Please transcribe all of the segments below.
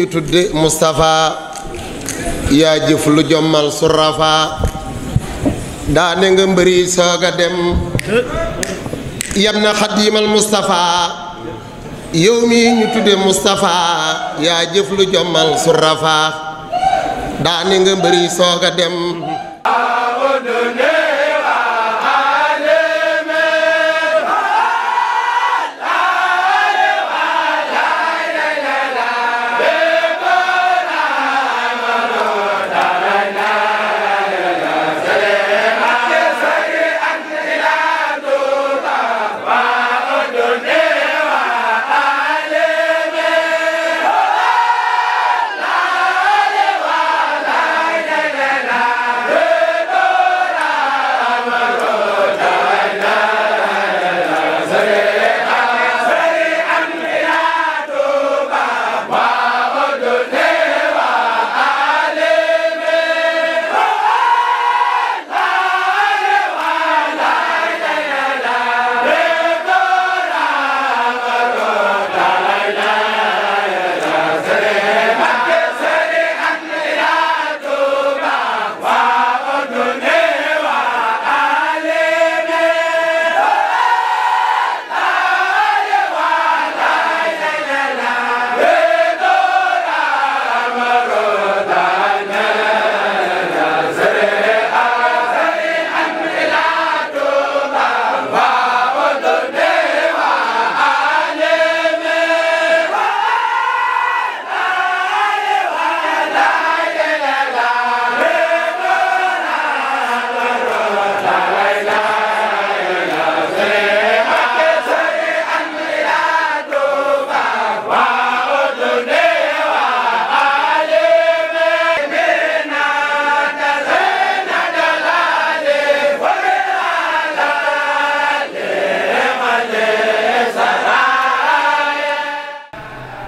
ñu tudde Moustapha yaa jëf jommal surafa nga mbëri sooga dem yam na xadiimal Moustapha yow mi ñu tudde Moustapha yaa jëf lu jommal surafa daane nga mbëri sooga dem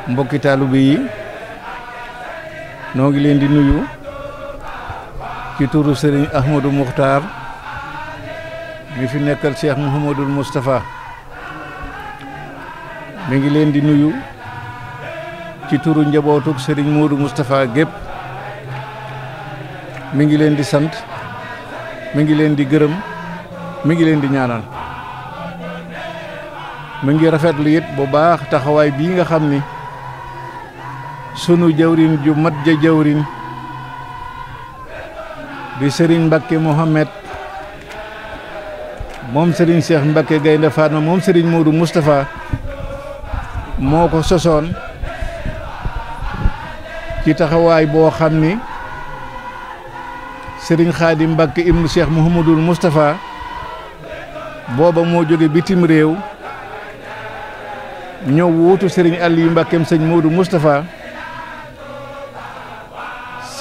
mbokki taalibe yi noo ngi leen di nuyu ci turu sëriñ Ahmadou Muxtaar mi fi nekkal Cheikh Mouhamadul Moustapha mi ngi leen di nuyu ci turu njabootuk sëriñ Modou Moustapha gépp mi ngi leen di sant mi ngi leen di gërëm mi ngi leen di ñaanal mi ngi rafetlu it bu baax taxawaay bii nga xam ni sunu jawriñ ju mat ja jawriñ di sëriñ Mbacke Mohamed moom sëriñ Cheikh Mbacke Gaynde Fatma moom sëriñ Modou Moustapha moo ko sosoon ci taxawaay boo xam ni sëriñ Xaadim Mbacke ibnu Cheikh Mouhamadul Moustapha booba moo jóge bitim réew ñëw wuutu sëriñ Aliou Mbackeem sëñ Modou Moustapha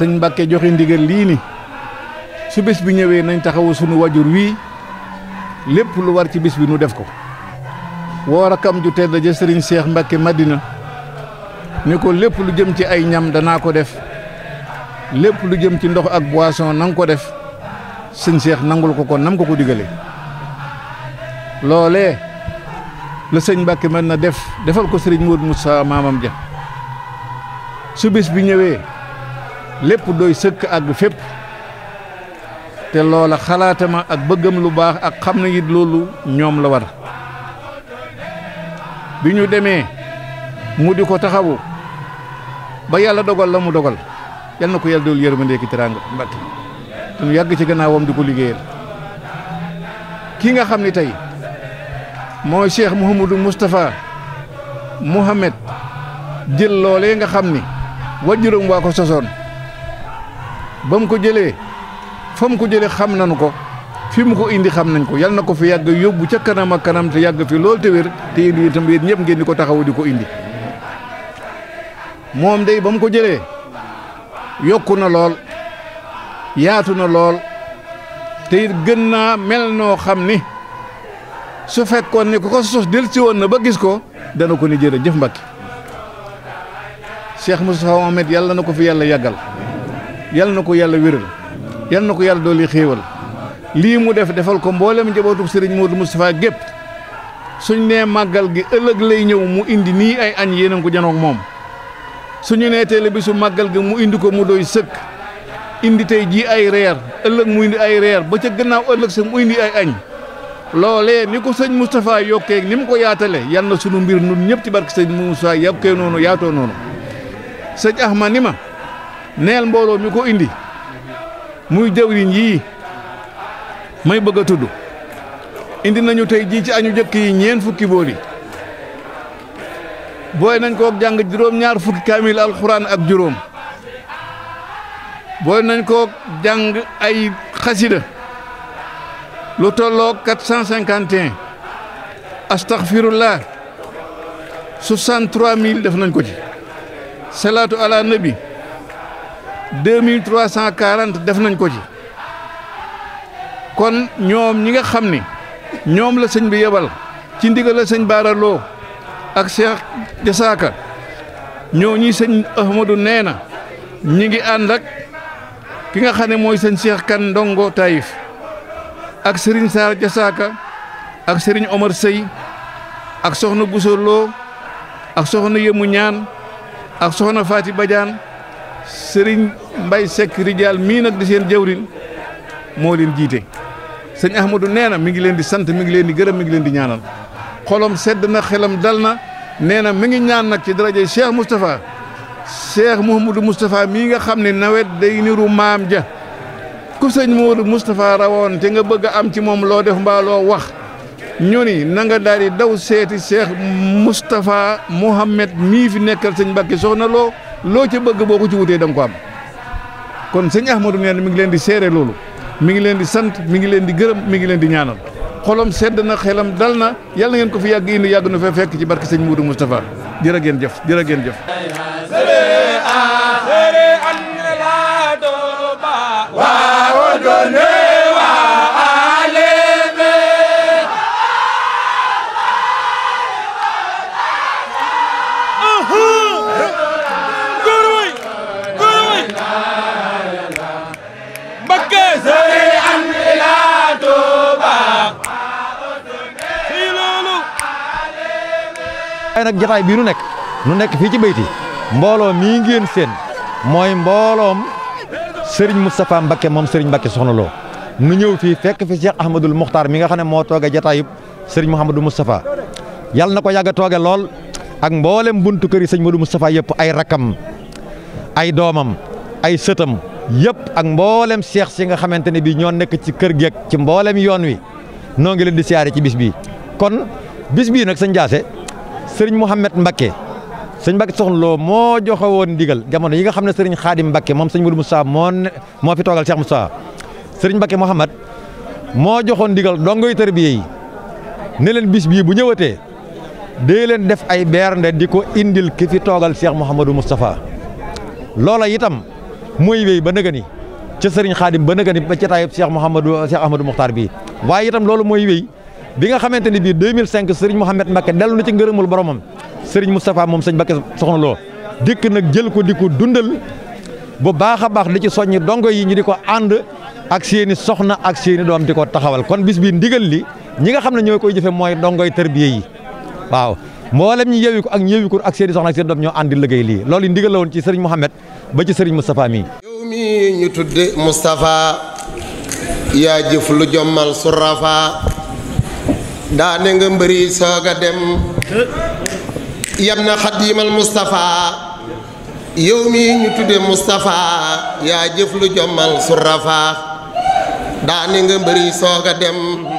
sëñ mbakke joxe ndigal lii ni su bés bi ñëwee nañ taxawu sunu wajur wii lépp lu war ci bis bi nu def ko woo rakam ju da ja sëriñ Seex mbakke Madina ni ko lépp lu jëm ci ay ñam danaa ko def lépp lu jëm ci ndox ak boisson nanga ko def sëñ Seex nangul ko ko nam ko ko digale loole la sëñ Mbàkke mën na def defal ko sëriñ Moodu Musaa maamam ja su bis bi ñëwee lépp doy sëkk àgg fépp te loola xalaatama ak bëggam lu baax ak xam na it loolu ñoom la war bi ñu demee mu di ko taxawu ba yàlla dogal la mu dogal yal na ko yàlla dool yërmande ki teraanga mbatt yàgg ci gannaawam di ko liggéeyal ki nga xam ni tey mooy Cheikh Mouhamadou Moustapha Mouhamed jël loolee nga xam ni wajuram waa ko sosoon ba mu ko jëlee fa mu ko jëlee xam nañu ko fi mu ko indi xam nañ ko yal na ko fi yàgg yóbbu ca kanam ak kanam te yàgg fi lool te wér te yéen itam yéen ñëpp ngeen di ko taxawu di ko indi moom day ba mu ko jëlee yokku na lool yaatu na lool te it gën naa mel noo xam ni su fekkoon ni ku ko sos del si woon na ba gis ko dana ko ni jërëjëf Mbacke Cheikh Moustapha Mohamed yàlla na ko fi yàlla yàggal yal na ko yàlla wéral yal na ko yàlla dooli xéewal lii mu def defal ko mboolem njabootu sëriñ Modou Moustapha gépp suñ nee màggal gi ëllëg lay ñëw mu indi nii ay añ yéen ko janoog moom suñu nee teel bisu màggal gi mu indi ko mu doy sëkk indi tey jii ay reer ëllëg mu indi ay reer ba ca gannaaw ëllëg sa mu indi ay añ loolee ni ko sëñ Moustapha yokkee ni mu ko yaatale yal na sunu mbir nun ñëpp ci barke sëñ Moustapha yokkee noonu yaatoo noonu sëñ neel mbooloo mi ko indi muy jëwriñ yii may bëgg a tudd indi nañu tey jii ci añu jëkk yi ñeen fukki booli booy nañ ko jàng juróom ñaar fukki kaamil alxuraan ak juróom booy nañ ko jàng ay xasida lu tolloo 451 astaghfirullah 63000 def nañ ko ci salaatu ala bi deux mille trois def nañ ko ci kon ñoom ñi nga xam ni ñoom la sëñ bi yebal ci ndigal la sëñ Baara ak Cheikh Jasaaka ñoo ñi sëñ Ahmadou nee na ñi ngi ànd ak ki nga xam ne mooy sëñ Cheikh Kan Ndongo Taïf ak sëriñ Sarr Jasaaka ak sëriñ Omar Sey ak soxna Bousso ak soxna Yëmu Ñaan ak soxna Faati Badiane Serigne Mbay Sekk Rijaal mii nag di seen jawrin moo leen jiite sëñ Ahmadou nee na mi ngi leen di sant mi ngi leen di gërëm mi ngi leen di ñaanal xolom sedd na xelam dal na nee na mi ngi ñaan nag ci darajey Cheikh Moustapha Cheikh Mouhamadou Moustapha mii nga xam ne nawet day niru maam ja ku sëñ Mouhamadou Moustapha rawoon te nga bëgg a am ci moom loo def mbaa loo wax ñu ni na nga di daw seeti Cheikh Moustapha Mouhamed mii fi nekkal sëñ Mbàkke soxna loo loo ca bëgg boo ci wutee da ko am kon sëñ Ahmadou nee na mi ngi leen di seere loolu mi ngi leen di sant mi ngi leen di gërëm mi ngi leen di ñaanal xolom sedd na xelam dal na yàlla na ngeen ko fi yàgg indi yàgg na fekk ci barke sëñ Moudou Moustapha jërë ngeen jëf jërë ngeen jëf. Wa waaye nag jataay bii nu nekk nu nekk fii ci bayti mbooloo mii ngeen seen mooy mbooloom Serigne Moustapha Mbakke moom sëriñ Mbakke soxna loo nu ñëw fii fekk fi Cheikh Ahmadul Muxtaar mi nga xam ne moo tooge jataayub Serigne Mouhamadou Moustapha yal na ko yàgg a tooge lool ak mboolem buntu kër yi sëñ Modou Moustapha yëpp ay rakkam ay doomam ay sëtam yëpp ak mboolem seex si nga xamante ne bii ñoo nekk ci kër geek ci mboolem yoon wi noo ngi leen di siyaare ci bis bii kon bis nag sëñ Jaase sëriñ Mouhamed Mbacke sëñ Mbacke soxna loo moo joxe woon ndigal jamono yi nga xam ne sëriñ Xaadim Mbacke moom sëñ Modou Moussa moo moo fi toogal Cheikh Moussa sëriñ Mbacke Mouhamed moo joxoon ndigal dongoy tarbiya yi ni leen bis bii bu ñëwatee dee leen def ay bernde di ko indil ki fi toogal Cheikh Mouhamadou Moustapha loolo itam mooy wéy ba nëgëni ca sëriñ Xaadim ba nëgëni ba ca taayub Cheikh Mouhamadou Cheikh Ahmadou bii waaye itam loolu mooy bi nga xamante ni bii 2005 Serigne Mouhamed Mbacke dellu na ci ngërëmul boromam Serigne Moustapha moom sëñ Mbacke soxna loo dikk nag jël ko di ko dundal bu baax a baax di ci ñi dongo yi ñu di ko ànd ak seeni soxna ak seeni doom di ko taxawal kon bis bi ndigal li ñi nga xam ne ñoo koy jëfe mooy dongoy tërbiye yi waaw mboolem ñi yeewi ko ak ñi yeewi ko ak seeni soxna ak seeni doom ñoo àndi liggéey lii loolu ndigal la woon ci Serigne Mouhamed ba ci Serigne Moustapha mii. yow mii ñu tudde Moustapha yaa jëf lu jommal surafa daane nga mbëri soog a dem yam na xadiimal Moustapha yow mi ñu tudde Moustapha yaa jëf lu jommal su rafaa daane nga mbëri soog a dem